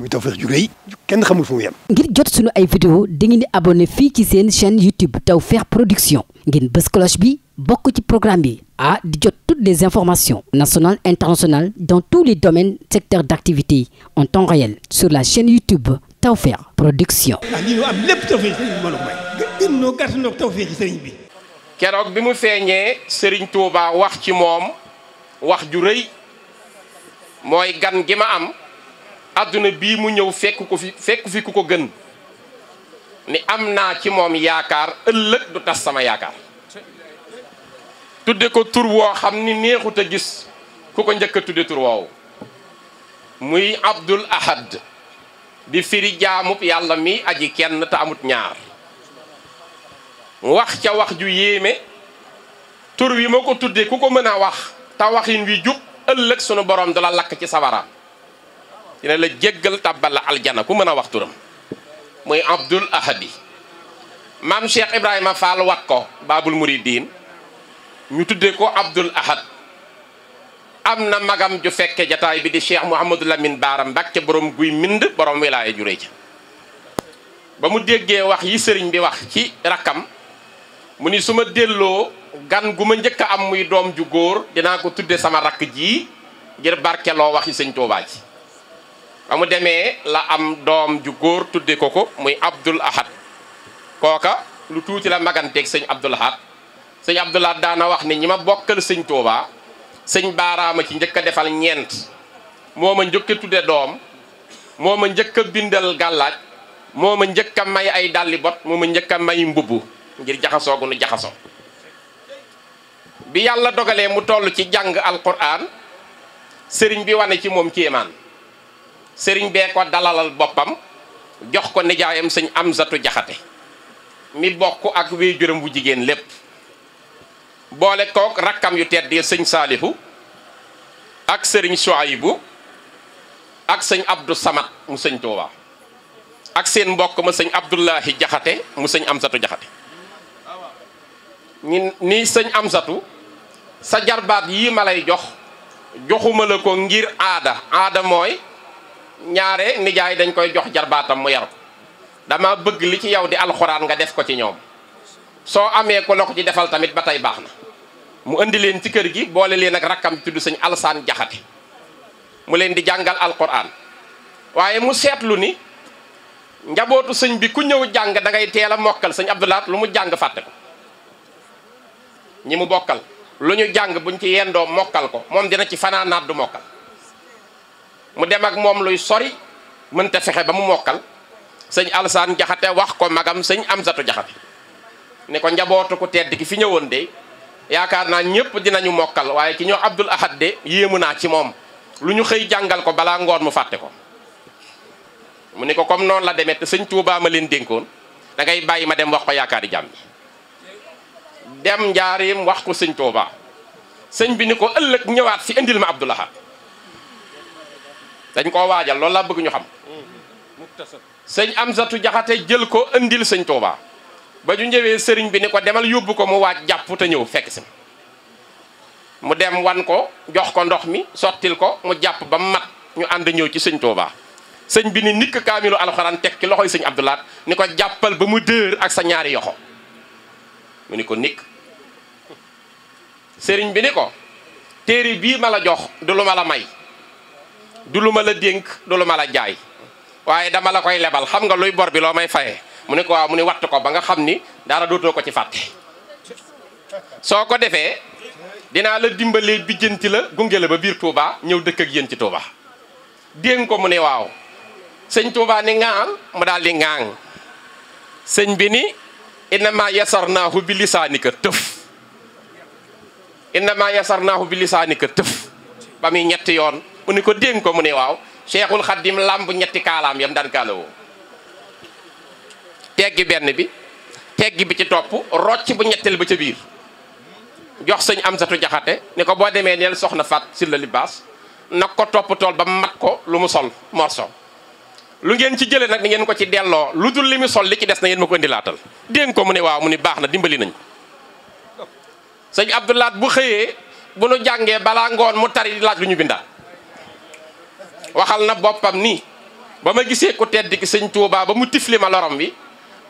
muy Tawfekh ju rëy kenn ngir jot sunu ay vidéo dangeen di abonné fii ci seen chaîne YouTube Tawfekh Production ngeen bës cloche bi bokk ci programme bi ah di jot toutes les informations nationales internationales dans tous les domaines secteurs d'activité en temps réel sur la chaîne YouTube Tawfekh Production. ah lii am lépp Tawfekh bi may. gën noo gàtt noo Tawfekh sëriñ bi. keroog bi mu feeñee Serigne Touba wax ci moom wax ju rëy mooy gan gi ma am. àdduna bii mu ñëw fekk ko fi fekk fi ku ko gën ni am naa ci moom yaakaar ëllëg du tas sama yaakaar tudde ko tur woo xam ni neexut a gis ku ko njëkk tudde tur woowu muy Abdul Ahad bi firi jaamub yàlla mi aji kenn te amut ñaar wax ca wax ju yéeme tur wi ma ko tudde ku ko mën a wax ta waxin wi jub ëllëg sunu borom du la lakk ci sawara dina la jéggal tàbbal la aljana ku mën a wax turam muy abdul ahadi maam cheikh ibrahima fall wat ko baabul muridin ñu tudde ko abdul ahad am na magam ju fekke jataay bi di cheikh mouhamadou lamine baara mbàkke borom guy mind borom wilaaya jure ja ba mu déggee wax yi sëriñ bi wax ci rakkam mu ni su ma delloo gan gu ma njëkk a am muy doom ju góor dinaa ko tudde sama rakk ji ngir wax waxi sëñ Tuubaa ji ba mu demee la am doom ju góor tudde ko ko muy Abdul Ahad kooka lu tuuti la maganteeg sëñ Abdul Ahad sëñ Abdul Ahad daana wax ne ñi ma bokkal sëñ Touba sëñ baaraama ci njëkk a defal ñeent mooma ma njëkk tudde doom mooma njëkk bindal gàllaaj moo njëkk may ay dàlli bot moo njëkk may mbubb ngir jaxasoo nu jaxaso bi yàlla dogalee mu toll ci jàng alquran sëriñ bi wane ci moom kéemaan sëriñ bee ko dalalal boppam jox ko nijaayam sëñ Amsatu Jaxate mi bokk ak wéy juróom bu jigéen lépp boole kook rakkam yu tedd sëñ Saalihu ak sëriñ Suwaybu ak sëñ Abdou Samad mu sëñ Tuuba ak seen mbokk ma sëñ Abdullahi Jaxate mu sëñ Amsatu Jaxate ñi ni sëñ Amsatu sa jarbaat yii ma lay jox joxuma la ko ngir aada aada mooy ñaare nijaay dañ koy jox jarbaatam mu yar ko dama bëgg li ci yow di alxuraan nga def ko ci ñoom soo amee ko la ko ci defal tamit ba tey baax na mu indi leen ci kër gi boole leen ak rakkam tudd sëñ alsaan jaxate mu leen di jàngal alxuraan waaye mu seetlu ni njabootu sëñ bi ku ñëw jàng dangay ngay teel a mokkal sëñ abdulaat lu mu jàng fàtte ko ñi mu bokkal lu ñu jàng buñ ci yendoo mokkal ko moom dina ci fanaanaat du mokkal mu dem ak moom luy sori mënta fexe ba mu mokkal sëñ Alsaan Jaxate wax ko magam sëñ Amsatu Jaxate ne ko njabootu ku ki fi ñëwoon de yaakaar naa ñëpp dinañu mokkal waaye ki ñoo Abdul Ahad de yéemu naa ci moom lu ñu xëy jàngal ko balaa ngoon mu fàtte ko mu ne ko comme noonu la demee te sëñ Tuubaa ma leen dénkoon dangay bàyyi ma dem wax ko yaakaari jàmm dem njaarim wax ko sëñ Tuubaa sëñ bi ni ko ëllëg ñëwaat fi indil ma Abdul Ahad dañ koo waajal loolu laa bëgg ñu xam sëñ am Amsatu Jaxate jël ko andil sëñ Tuuba ba ñu ñëwee sëriñ bi ni ko demal yóbbu ko mu waaj jàpp te ñëw fekk si mu dem wan ko jox ko ndox mi sottil ko mu jàpp ba mat ñu ànd ñëw ci sëñ Tuuba sëñ bi ni nikk kaamilu alxuraan teg ci loxoy sëñ Abdoulaat ni ko jàppal ba mu dër ak sa ñaari yoxo mu ni ko nikk sëriñ bi ni ko téere bii ma la jox du lu ma la may du lu ma la dénk du lu ma la jaay waaye dama la koy lebal xam nga luy bor bi loo may fayee mu ne ko waaw mu ne watt ko ba nga xam ni dara dootoo ko ci fàtte soo ko defee dinaa la dimbalee bijjanti la gunge ba biir Touba ñëw dëkk ak yéen ci Touba dénk ko mu ne waaw sëñ Touba ni ŋaang mu daldi di sëñ bi ni innama yasarnaahu bi lisaanika tëf innama yasarnaahu bi lisaanika tëf ba muy ñetti yoon mu ni ko dénk ko mu ne waaw cheikhul xaddim làmb ñetti kaalaam yam daan kaalawoo teggi benn bi teggi bi ci topp rocc bu ñetteel ba ca biir jox sëñ amsatu jaxate ni ko boo demee neel soxna fat si la libaas nag ko topp tool ba mat ko lu mu sol morso lu ngeen ci jëlee nag ni ngeen ko ci delloo lu dul li mu sol li ci des na ngeen ma ko indilaatal dénk ko mu ne waaw mu ni baax na dimbali nañ sëñ abdoulaat bu xëyee bu nu jàngee balaa ngoon mu tari laaj lu ñu bindaat waxal na boppam nii ba ma gisee ku tedd ki sëñ Tuubaa ba mu tifli ma lorom bi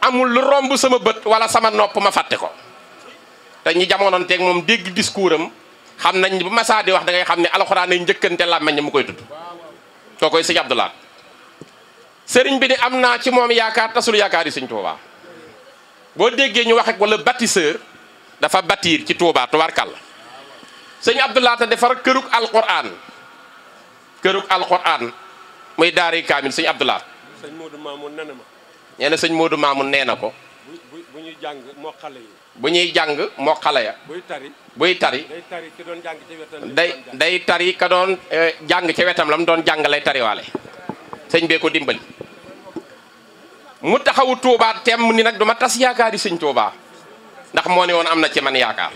amul lu romb sama bët wala sama nopp ma fàtte ko te ñi jamonoonteeg moom dégg discours am xam nañ bu ma saa di wax dangay xam ne alxuraan ay njëkkante làmmeñ mu koy tudd too koy sëñ Abdoulaat sëriñ bi ni am naa ci moom yaakaar tasul yaakaar yi sëñ Tuubaa boo déggee ñu wax ak wala bâtisseur dafa bâtir ci Tuubaa tubaarkàlla sëñ Abdoulaat a defar kërug alxuraan kërug alxuraan muy daari kaamil sëñ Abdoulaye. sëñ Modou Mamoun nee na ma. nee na sëñ Modou Mamoun nee na ko. bu ñuy jàng moo xale ñuy jàng moo xale ya. buy tari buy day doon jàng day tari ka doon eh, jàng ca wetam la mu doon jàng lay tariwaale. sëñ bee ko dimbali. mu taxawu Touba tem ni nag duma tas yaakaar yaakaari sëñ Touba ndax moo ne woon am na ci man yaakaar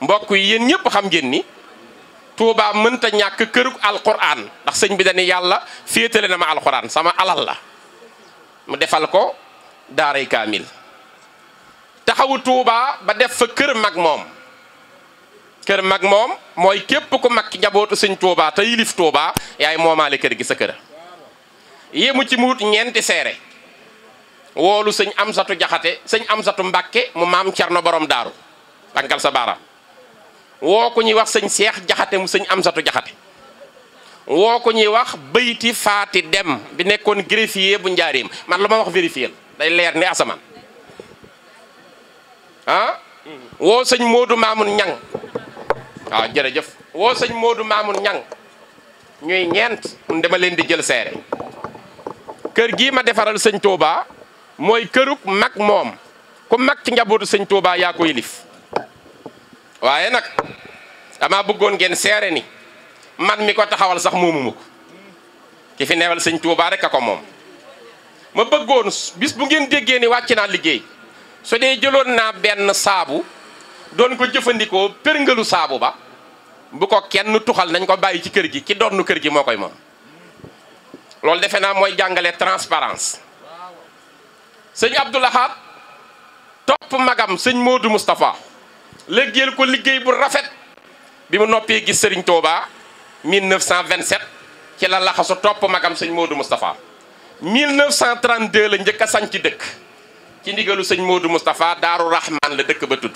mbokk yi yéen ñëpp xam ngeen ni. Touba mënta ñàkk këru alquran ndax sëñ bi dañu yàlla féetale na ma alquran sama alal la mu defal ko daaray kaamil taxawu Touba ba def fa kër mag moom kër mag moom mooy képp ku mag njabootu sëñ Touba te yilif Touba yaay moomaale kër gi sa kër yéemu ci muut ñeenti seere woolu sëñ Amsatu Jaxate sëñ Amsatu Mbàkke mu maam na borom daaru tànkal sa baaram woo ko ñuy wax sëñ seex jaxate mu sëñ amsatu jaxate woo ko ñuy wax bayti faati dem bi nekkoon greffier bu njaareem man la ma wax vérifier day leer ni asamaan ah woo sëñ Modou Mamoun ñang waaw jërëjëf woo sëñ Modou Mamoun ñang ñuy ñeent mun dama leen di jël seere kër gii ma defaral sëñ Touba mooy këruk mag moom ku mag ci njabootu sëñ Touba yaa ko yilif waaye nag dama bëggoon ngeen seere ni man mi ko taxawal sax moomu ko ki fi newal sëñ Touba rek a ko moom ma bëggoon bis bu ngeen déggee ni wàcc naa liggéey su dee jëloon naa benn saabu doon ko jëfandikoo përngalu saabu ba bu ko kenn tuxal nañ ko bàyyi ci kër gi ki nu kër gi moo koy moom loolu defe naa mooy jàngale transparence sëñ Abdoulahat topp magam sëñ Modou Moustapha liggéeyal ko liggéey bu rafet bi mu noppee gis Serigne Touba 1927 ci la laxasu topp magam sëñ Modou Moustapha 1932 la njëkk a sañ ci dëkk ci ndigalu sëñ Modou Moustapha Daaru Rahman la dëkk ba tudd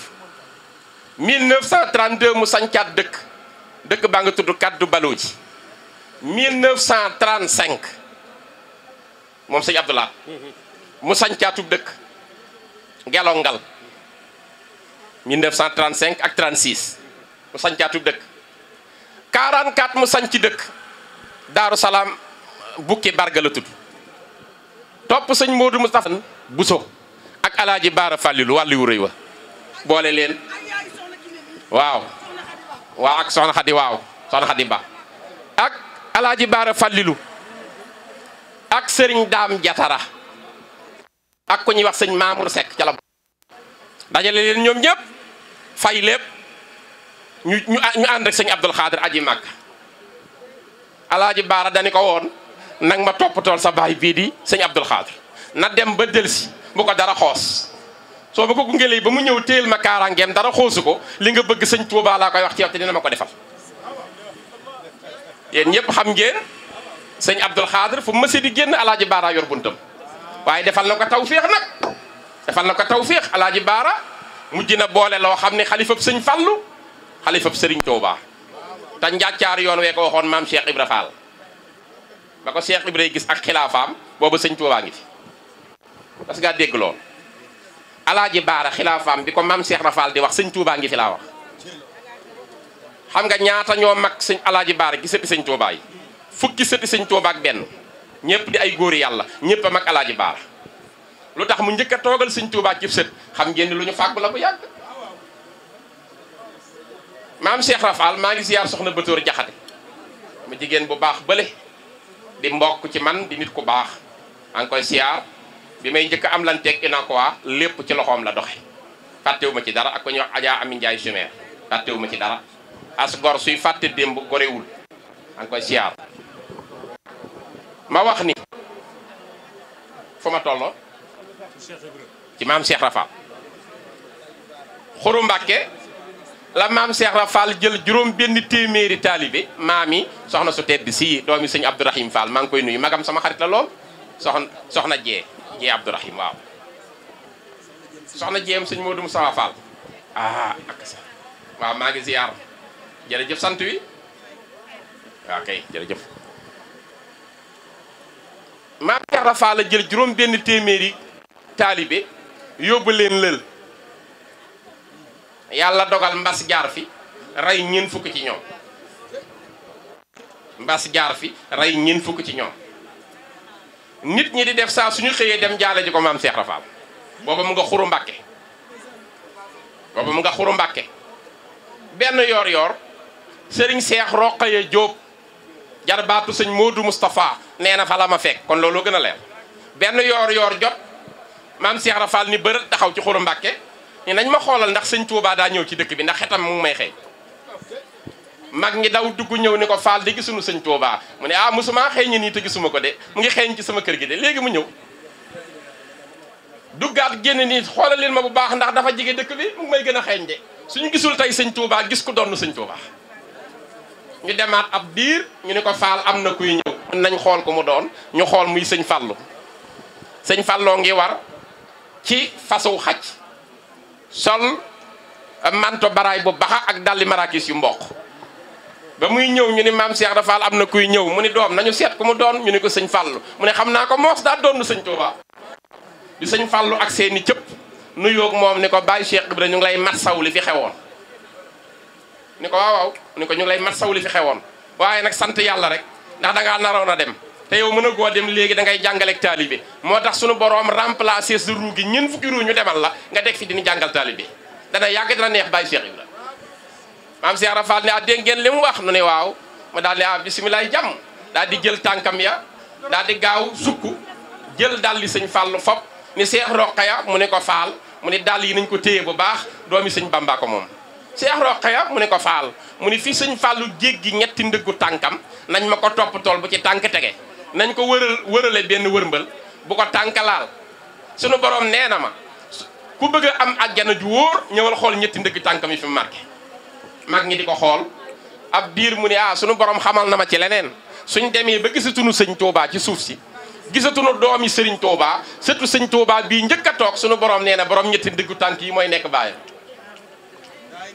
1932 mu sañcaat dëkk dëkk baa ngi tudd Kaddu Baloo ji 1935 moom sëñ Abdoulaye mm-hmm. mu sañcaatub dëkk Gelongal 1935 ak 36 mu sañcaatub dëkk 44 mu sañ ci dëkk Daaru Salaam bukki barga la tudd topp sëñ Modou Moustapha Bousso ak alaaji Baara Fàllilu wàlliwu rëy wa boole leen waaw waaw ak soxna Xadi waaw soxna Xadi Ba ak alaaji Baara Fàllilu ak sëriñ Daam Jatara ak ku ñuy wax sëñ Mamour Seck ca la dajale leen ñoom ñëpp fay lépp ñu ñu ñu ànd ak sëñ Abdul Xaadir aji màgg alaaji baara dani ko woon nang ma toppatool sa baay bii di sëñ Abdul Xaadir na dem ba delsi bu ko dara xoos soo ba ko gungelee ba mu ñëw téel ma kaaraangeem dara xoosu ko li nga bëgg sëñ Tuubaa laa koy wax ci yow te dina ma ko defal yéen ñëpp xam ngeen sëñ Abdul Xaadir fu mësi di génn alaaji baara yor buntam waaye defal na ko tawféex nag defal na ko tawféex alaaji baara mujj na boole loo xam ne xalifab sëñ Fallu xalifab sëriñ Touba te njàccaar yoon wee ko waxoon maam Cheikh Ibra Fall ba ko Cheikh Ibra gis ak xilaafaam boobu sëñ Touba ngi fi parce que dégg lool alaaji baara xilaafaam ko maam Cheikh Rafal di wax sëñ Touba ngi fi laa wax xam nga ñaata ñoo mag sëñ alaaji baara gi sëti sëñ Touba yi fukki sëti sëñ Touba ak benn ñëpp di ay góor yàlla ñëpp a mag alaaji baara lu tax mu njëkk a toogal sëñ Tuubaa cib sët xam ngeen ni lu ñu fàggu la bu yàgg maam Cheikh Rafal maa ngi ziar soxna Batoor Jaxate mu jigéen bu baax bële di mbokk ci man di nit ku baax maa ngi koy ziar bi may njëkk am lan teeg ina lépp ci loxoom la doxe fàttewuma ci dara ak ko ñuy wax Ami Ndiaye Sumer fàttewuma ci dara as gor suy fàtte démb gorewul maa ngi koy ziar ma wax ni fu ma tolloo ci maam Cheikh Rafal xuru Mbàkke la maam Cheikh Rafal jël juróom benn téeméeri taalibe maam yi soxna su tedd si doomi sëñ Abdourahim Fall maa ngi koy nuyu magam sama xarit la lool soxna soxna jee jee Abdourahim waaw soxna jeem sëñ Modou Moussa Fall ah ak waaw maa ngi ziar jërëjëf sant wi waaw maam Cheikh Rafal la jël juróom benn téeméeri taalibe yóbbu leen lël yàlla dogal mbas jaar fi rey ñeent fukk ci ñoom mbas jaar fi rey ñeent fukk ci ñoom nit ñi di def saa suñu xëyee dem jaale ji ko maam Cheikh Rafaal booba mu nga xuru mbàkke booba mu nga xuru mbàkke benn yoor yoor sëriñ Cheikh Roqaye Diop jarbaatu sëñ Modou Moustapha nee na fa la ma fekk kon loolu gën a leer benn yoor yoor jot maam Cheikh Rafal ni bërët taxaw ci xuru Mbàkke ni nañ ma xoolal ndax sëñ Touba daa ñëw ci dëkk bi ndax xetam mu ngi may xëy mag ngi daw dugg ñëw ni ko Fall di gisuñu sëñ Touba mu ne ah mosuma xëy ñi nii te gisuma ko de mu ngi xëy ci sama kër gi de léegi mu ñëw duggaat génn nii xoolal leen ma bu baax ndax dafa jige dëkk bi mu may gën a xeeñ de suñu gisul tey sëñ Touba gis ku doon sëñ Touba ñu demaat ab diir ñu ne ko Fall am na kuy ñëw. nañ xool ko mu doon ñu xool muy sëñ Fallu sëñ Falloo ngi war. ci façon xaj sol euh, manto baraay bu baxa ak dalli marakis yu mboq ba muy ñëw ñu ni maam Cheikh Ibra Fall am na kuy ñëw mu ni doom nañu seet ku mu doon ñu ni ko sëñ Fallu mu ne xam naa ko moos daa doon sëñ Touba di sëñ Fallu ak seeni cëpp nuyoog moom ni ko bàyyi Cheikh Ibra ñu ngi lay mat saw li fi xewoon ni ko waaw waaw ni ko ñu ngi lay mat li fi xewoon waaye nag sant yàlla rek ndax dangaa naroon a dem te yow mën a goo dem léegi da ngay jàngaleeg taalibe moo tax sunu borom remplacer sa ruu gi ñun fukki ruu ñu demal la nga teg fi dina jàngal taalibe dana yàgg dana neex bàyyi Cheikh Ibra maam Cheikh Rafal ne ah, ne waaw mu daal ah bisimilah jàmm daal di jël tànkam ya daal di gaaw sukk jël daal di sëñ Fàllu fop mu ne ko faal mu ne dàll yi nañ ko téye bu baax doomi sëñ Bamba ko moom Cheikh Roqaya mu ne ko faal mu ne fii sëñ Fàllu jéggi ñetti ndëggu tànkam nañ ma ko topp tool bu ci tànk tege nañ ko wëral wërale benn wërmbël bu ko tànkalaal sunu borom nee na ma ku bëgg a am àjjana ju wóor ñëwal xool ñetti ndëgg tànkam yi fi marqué mag ñi di ko xool ab biir mu ne ah sunu borom xamal na ma ci leneen suñ demee ba gisatunu sëñ Touba ci suuf si gisatunu doomi sëriñ Touba surtout sëñ Touba bii njëkk a toog sunu borom nee na borom ñetti ndëggu tànk yi mooy nekk bàyyam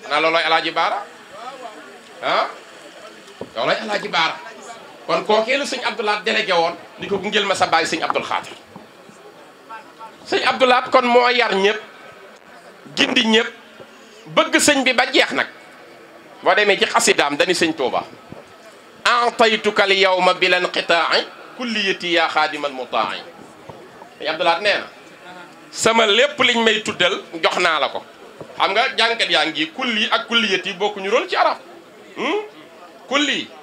naa loolooy alaaji baara ah? loolooy alaaji baara kon kookee la sëñ Abdoulaat délégué woon ni ko gungeel ma sa bàyyi sëñ Abdoul Xaadir sëñ Abdoulaat kon moo yar ñëpp gindi ñëpp bëgg sëñ bi ba jeex nag boo demee ci xasidaam dani sëñ Touba entaytuka al yawma bila inqitaa'i kulliyati yaa xaadimal mutaa'i sëñ Abdoulaat nee na sama lépp liñ may tuddal jox naa la ko xam nga jànkat yaa ngi kulli ak kulliyati bokkuñu rôle ci arab hmm? kulli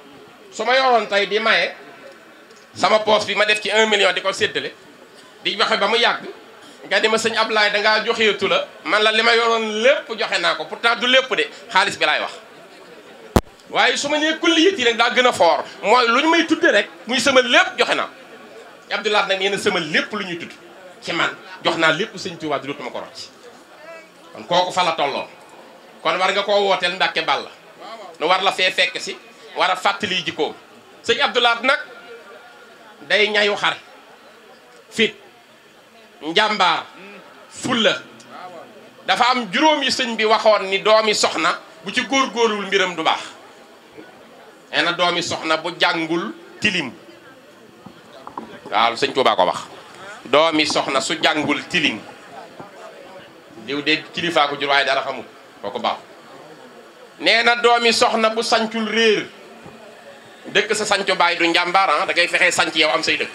su ma yoroon tey di maye sama poos bi ma def ci un million di ko séddale di joxe ba mu yàgg nga di ma sëñ Ablaye dangaa joxeetu la man la li ma yoroon lépp joxe naa ko pourtant du lépp de xaalis bi laay wax waaye su ma nee kulliyit yi nag daa gën a foor mooy lu ñu may tudde rek muy sama lépp joxe naa Abdoulaye nag nee na sama lépp lu ñuy tudd ci man jox naa lépp sëñ Tuubaa di dootuma ko rocc kon kooku fa la tolloo kon war nga koo wooteel Mbàkke Bàll nu la fee fekk si war a fàttali jikkoom sëñ Abdoulaat nag day ñayu xar fit njàmbaar fulla dafa am juróomi sëñ bi waxoon ni doomi soxna bu ci góor góorul mbiram du baax nee na doomi soxna bu jàngul tilim waaw sëñ Tuubaa ko wax doomi soxna su jàngul tilim diw de kilifaa ko jur waaye dara xamul kooku baax nee na doomi soxna bu sancul réer dëkk sa sanco baay du njàmbaar ah, dangay ngay fexee sanc yow am say dëkk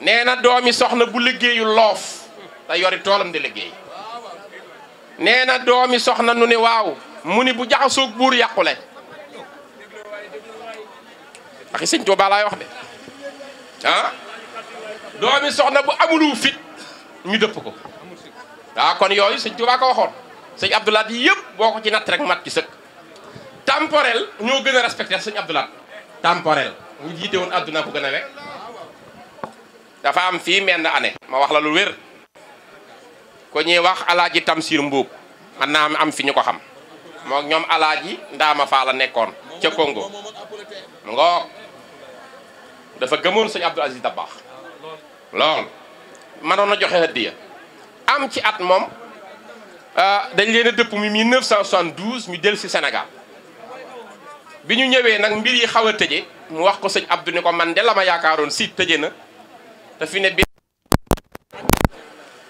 nee na doomi soxna bu liggéeyu loof te yori toolam di liggéey nee na doomi soxna nu ne waaw mu ni bu jaxasoog buur yàqule waxi sëñ Tuubaa laay wax de ah, doomi soxna bu amulu fit ñu dëpp ko waaw kon yooyu sëñ Tuubaa ko waxoon sëñ Abdoulaye yëpp boo ko ci natt rek mat ci sëkk temporel ñoo gën a respecté sëñ Abdoulaat temporel ñu jiite woon àdduna ko gën a dafa am fii menn année ma wax la lu wér ko ñuy wax alaaji Tamsir Mbuub man naa am fi ñu ko xam moom ñoom alaaji Ndaama Faa la nekkoon ca Congo ngoog dafa gëmoon sëñ Abdou Aziz Dabakh lool mënoon a joxe hadiya am ci at moom ah, dañ leen a dëpp mi 1972 ñu del si Sénégal bi ñu ñëwee nag mbir yi xaw a tëje mu wax ko sëñ Abdou ne ko man de la ma yaakaaroon si tëje na te fi ne bi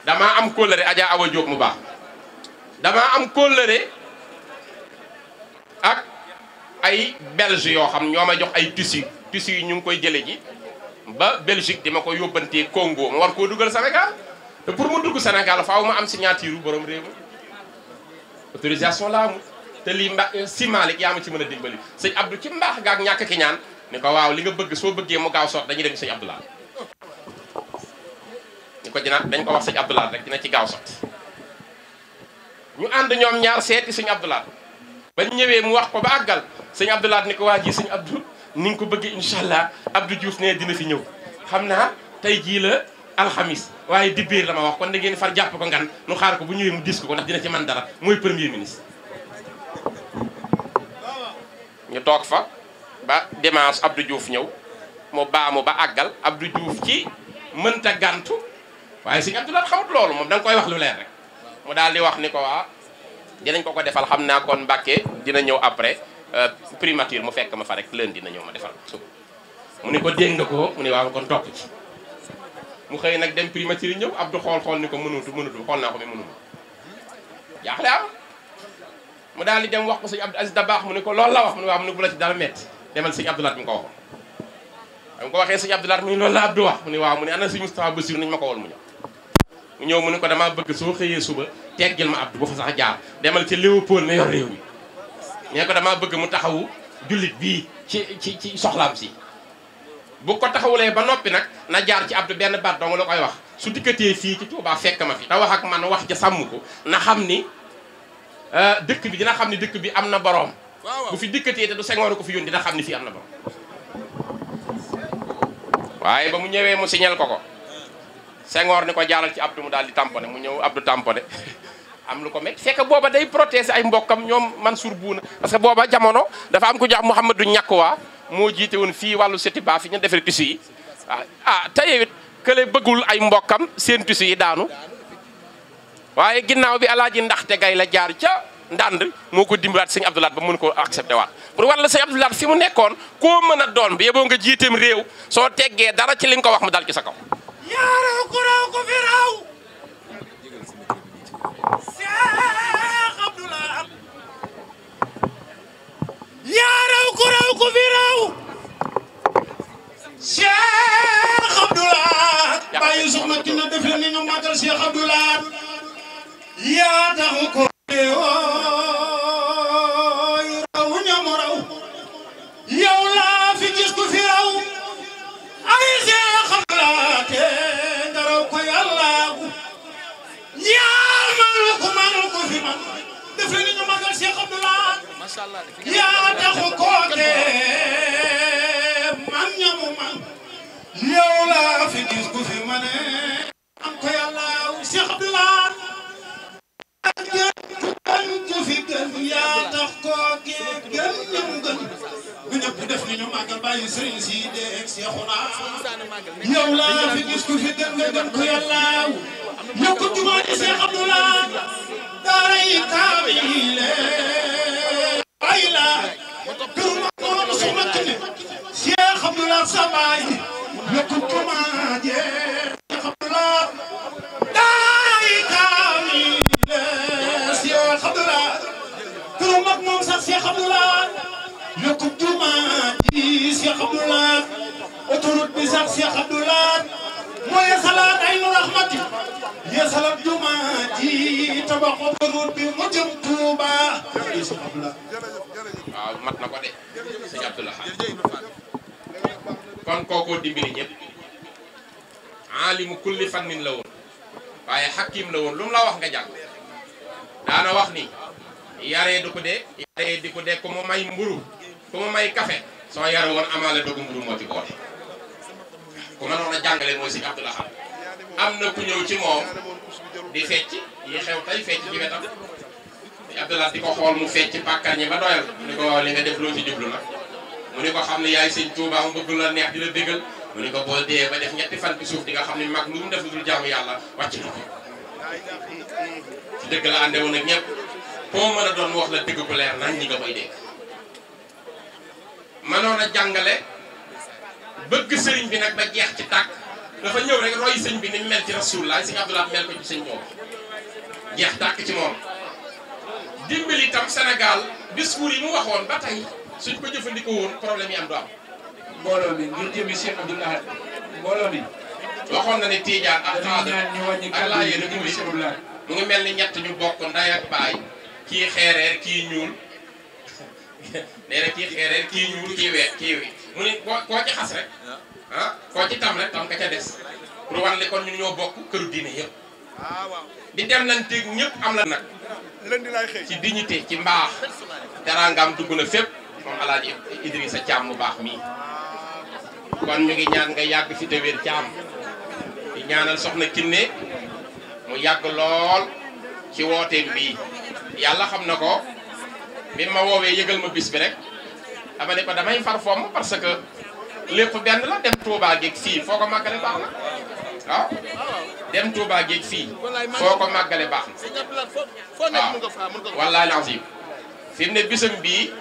dama am kóllëre Adja Awa Diop mu baax damaa am kóllëre ak ay belge yoo xam ñoo ma jox ay tissu tissu yi ñu ngi koy jële ji ba Belgique di ma ko yóbbantee Congo ma war koo dugal Sénégal te pour mu dugg Sénégal faaw ma am signature borom réew mi autorisation laa amul te lii mba si Malick yaa ma ci mën a dimbali sëñ Abdou ci mbaax gaak ñàkk ki ñaan ni ko waaw li nga bëgg soo bëggee mu gaaw sot dañuy dem sëñ Abdoulaye ni ko dina dañ ko wax sëñ Abdoulaye rek dina ci gaaw ñu ànd ñoom ñaar seeti sëñ Abdoulaye ba ñëwee mu wax ko ba àggal sëñ Abdoulaye ni ko waa ji sëñ Abdou ni nga ko bëggee incha allah Abdou Diouf ne dina fi ñëw xam naa tey jii la alxamis waaye dibéer la ma wax kon da ngeen far jàpp ko ngan nu xaar ko bu ñëwee mu dis ko ko ndax dina ci man dara mooy premier ministre ñu toog fa ba dimanche Abdou Diouf ñëw mu baamu ba àggal Abdou Diouf ci mënta gantu waaye si gantu daal xamut loolu moom da koy wax lu leer rek mu daal di wax ni ko waa dinañ ko ko defal xam naa kon Mbàkke dina ñëw après euh, primature mu fekk ma fa rek lundi dina ñëw ma defal suba mu ni ko dégg nga ko mu ni waaw kon topp ci mu xëy nag dem primature yi ñëw Abdou xool xool ni ko mënutu mënutu xool naa ko mais mënuma jaaxle am mu daal di dem wax ko sëñ Abdou Aziz Dabakh mu ne ko loolu la wax mu ne waaw mu ne bu la ci dara métti demal sëñ Abdou Lahad mi ko waxoon mu ne loolu la Abdou wax mu ne waa mu ne ana sëñ Moustapha Bassirou nañu ma ko wol mu ñëw mu ñëw mu ne ko damaa bëgg soo xëyee suba teggil ma Abdou ba fa sax jaar demal ci Léopold na yor réew mi nee ko damaa bëgg mu taxawu jullit bii ci ci ci soxlaam si bu ko taxawulee ba noppi nag na jaar ci Abdou benn baat dong la koy wax su dikkatee fii ci Touba fekk ma fi te wax ak man wax ja sàmm ko na xam ni Euh, dëkk bi dina xam ne dëkk bi am na boroom bu fi dikkatee te du Senghor ko fi yónni dina xam ne fii am na boroom waaye ba mu ñëwee mu signal ko ko sengoor ni ko jaaral ci Abdou mu daal di tamponné mu ñëw Abdou tamponné am lu ko métti fekk booba day protéger ay mbokkam ñoom man Mansour Buuna parce que booba jamono dafa am ku jox Mouhamadou Ñakkuwaa moo jiite woon fii wàllu seti ba fi ñu defee tissu yi ah, ah tey it kële bëggul ay mbokkam seen tissu yi daanu waaye ginnaaw bi alaaji ndaxte gay la jaar ca ndànd moo ko dimbalaat sëñ Abdou Lahad ba mun ko accepté waat pour walla sëñ Abdou Lahad fi mu nekkoon koo mën a doon bi yeboo nga jiiteem réew soo teggee dara ci li nga ko wax mu dal ci sa kaw yaa taxu ko yooy raw ñamu raw yow laa fi gis ku fi raw ay see xam laa te nga raw ko yàllaagu yaa man ku man ku fi man def li ñu magal Cheikh Abdoulaye yaa taxu ko te man ñamu man yow laa fi gis ku fi mane am ko yàllaagu Cheikh Abdoulaye bàyyi sëriñ si de ak Seexuna yow laa fi gis ku fi gën nga gën ko yàllaaw yow ko jumaa di Seex Abdulaay daara yi kaaba yi lee bàyyi laa këru ma noon su mag ne Seex Abdulaay sa baay yow ko jumaa jee Seex Abdulaay ak moom sax Cheikh Abdoulaye yokkub jumaa ji Cheikh Abdoulaye autoroute bi sax Cheikh Abdoulaye moo yeesalaat ay nu rahmati yeesalaat jumaa ji tabax autoroute bi mu jëm Touba Cheikh Abdoulaye waaw mat na ko de Cheikh Abdoulaye kon kookoo dimbali ñëpp aalimu kulli fannin la woon waaye xakim la woon lu mu la wax nga jàng daana wax ni yaree du ko dee yaree di ko dee ku ma may mburu ku ma may café soo yare woon amaale dogu mburu moo ci boole ku ma noon a jàngale mooy si Abdou Lahad am na ku ñëw ci moom di fecc yi xew tey fecc ci wetam sëñ Abdou Lahad di ko xool mu fecc bàkkaar ñi ba doyal ni ko waaw li nga mu ni ko xam ne yaay sëñ Tuubaa mu bëgg la di mu ko boo dee ba def ñetti fan ci suuf di xam ne mag lu mu def lu jaamu yàlla wàcc na ko ci la ànde woon ak ñëpp ku ma mën a doon wax la dëgg bu leer nañ ñi nga koy dégg mënoon a jàngale bëgg sëriñ bi nag ba jeex ci tàkk dafa ñëw rek roy sëñ bi ni mel ci rasulullah sëñ Abdoulaye mel ko ci sëñ boobu jeex tàkk ci moom dimbali itam Sénégal discours yi mu waxoon ba tey suñ ko jëfandikoo woon problème yi am du am. mbooloo mi ngir jëmi Cheikh Abdoulaye mbooloo mi. waxoon na ne Tidjane mu ngi mel ni ñett ñu bokk nday ak baay. kii xeereer kii ñuul nee na kii xeereer kii ñuul kii weex kii wi mu ne koo koo ci xas rek ah, koo ci tam rek tam ka ca des pour wan ne kon ñun ñoo bokk kër diine yëpp ah, di dem nañ te ñëpp am la nag ci dignité ci mbaax daraangam dugg na fépp moom alaaji Idrissa Thiam mu baax mii kon ñu ngi ñaan nga yàgg ci te wér Thiam ñaanal soxna Kiné mu yàgg lool ci wooteem bii yàlla xam na ko bi ma woowee yëgal ma bis bi rek dama ne ko damay far fomm parce que lépp benn la dem Touba géeg fii foo ko màggale baax na waaw dem Touba fii baax na waaw wallaahi lazim fi mu ne bisam bii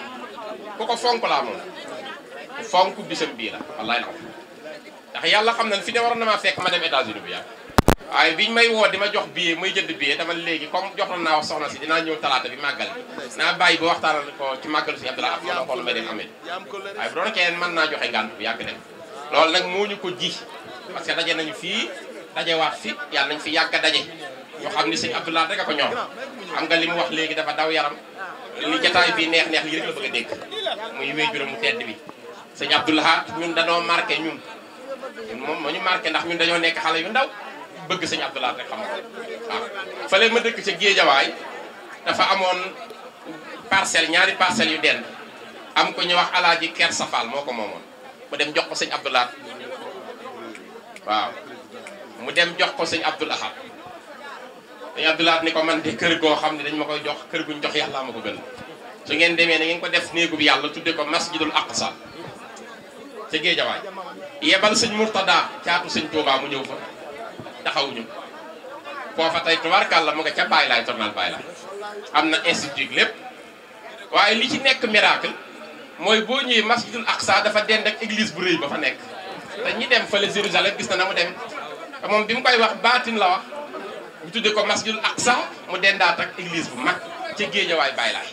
ku ko fonk laa moom fonk bisam bii la wallaahi lazim ndax yàlla xam na fi ne waroon na maa fekk ma dem États-Unis bu waaye ñu may woo di ma jox billet may jënd billet dama léegi comme jox na naa wax soxna si dinaa ñëw talaata bi màggal naa bàyyi ba waxtaanal ko ci màggalu si Abdoulaye ak wala xool may dem amee waaye bu doon keneen mën naa joxe ngànt bu yàgg dem loolu nag moo ñu ko ji parce que daje nañu fii dajewaat fi yàlla nañ fi yàgg a daje ñu xam ni sëñ Abdoulaye rek a ko ñoom xam nga li mu wax léegi dafa daw yaram li jataay bi neex neex li rek la bëgg a dëkk muy wéy juróom mu tedd bi sëñ Abdoulaye ñun dañoo marqué ñun ñun moom moo ñu marqué ndax ñun dañoo nekk xale yu ndaw bëgg sëñ Abdou Lahad rek xam nga waaw fële ma dëkk ca Géejawaay dafa amoon parcelle ñaari parcelles yu dend am ko ñu wax alaaji Ker Safal moo ko moomoon mu dem jox ko sañ Abdou Lahad waaw mu dem jox ko sëñ Abdou Lahad ni ko man de kër goo xam ne dañ ma koy jox kër guñ jox yàlla ma ko gën su ngeen demee na ngeen ko def néegub yàlla tudde ko masjidul aqsa ca Géejawaay yebal sëñ Murtada caatu sëñ Touba mu ñëw fa taxawuñu foofa tey tubaarkàlla mu nga ca bàyyi laay tornal bàyyi laay am na institut lépp waaye li ci nekk miracle mooy boo ñëwee masjidul aqsa dafa dend ak église bu rëy ba fa nekk te ñi dem fële Jérusalem gis na na mu dem te moom bi mu koy wax baatin la wax ñu tudde ko masjidul aqsa mu dendaat ak église bu mag ca géejawaay bàyyi laay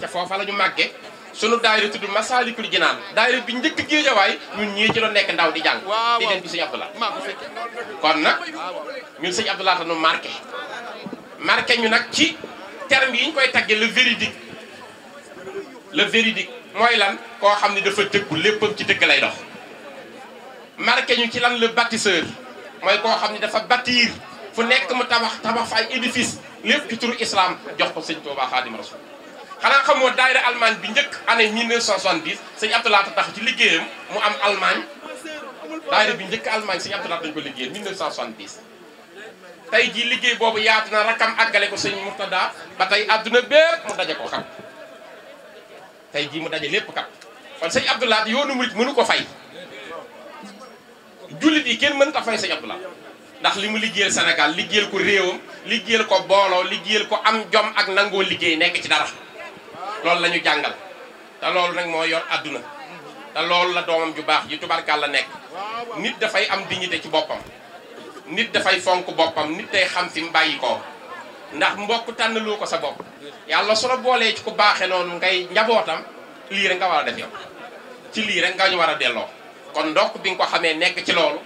ca foofa la ñu màggee sunu daayira tudd Masaalikul Jinaan daayira bi njëkk géejawaay ñun ñii ci la nekk ndaw di jàng di dem bi sëñ Abdoulaye kon nag ñun sëñ Abdoulaye tanu marqué marqué ñu nag ci terme yi ñu koy tagge le véridique le véridique mooy lan koo xam ne dafa dëggu léppam ci dëkk lay dox marqué ñu ci lan le bâtisseur mooy koo xam ne dafa bâtir fu nekk mu tabax tabax fa ay édifice lépp ci turu islam jox ko sëñ Tuubaa Xaadimu Rasuul xanaa xamoo daayira Allemagne bi njëkk année 1970 sëñ Abdou Lahad tax ci liggéeyam mu am Allemagne daayira bi njëkk Allemagne sëñ Abdou Lahad dañu ko liggéeyam 1970. tey jii liggéey boobu yaatu na rakam àggale ko sëñ Murtada ba tey àdduna bépp mu daje ko xam tey jii mu daje lépp kat kon sëñ Abdou Lahad yoonu murit mënu ko fay jullit yi kenn mënta fay sëñ Abdou Lahad ndax li mu liggéeyal senegal liggéeyal ko réewam liggéeyal ko booloo liggéeyal ko am jom ak nangoo liggéey nekk ci dara. loolu la ñu jàngal te loolu nag moo yor àdduna loolu la doomam ju baax ji tubarkaal la nekk nit dafay am dignité ci boppam nit dafay fonk boppam nit day xam fi mu bàyyi ko ndax mbokk tànn loo ko sa bopp yàlla su la boolee ci ku baaxee noonu ngay njabootam lii rek nga war a def ci lii rek nga ñu war a delloo kon ndokk bi nga ko xamee nekk ci loolu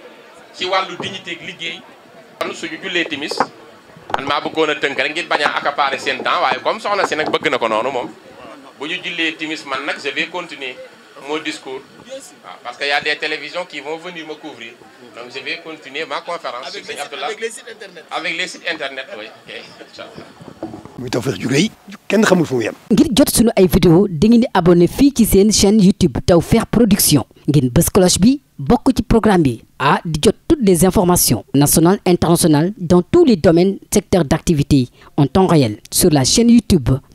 ci wàllu dignité ak liggéey kon suñu jullee timis man maa bëggoon a tënk rek ngir bañ a accaparer seen temps waaye comme soxna si nag bëgg na ko noonu moom bu ñu jullee timis man nag je continuer mon discours ah, parce que y a des télévisions qui vont venir me couvrir ma conférence. avec les avec internet avec les sites internet oui kenn xamul fu mu ngir jot sunu ay vidéo dangeen di abonné fii ci seen chaîne YouTube Tawfekh Production ngeen bës cloche bi bokk ci programme bi ah di jot toutes des informations nationales internationales dans tous les domaines secteurs d'activité en temps réel sur la chaîne YouTube.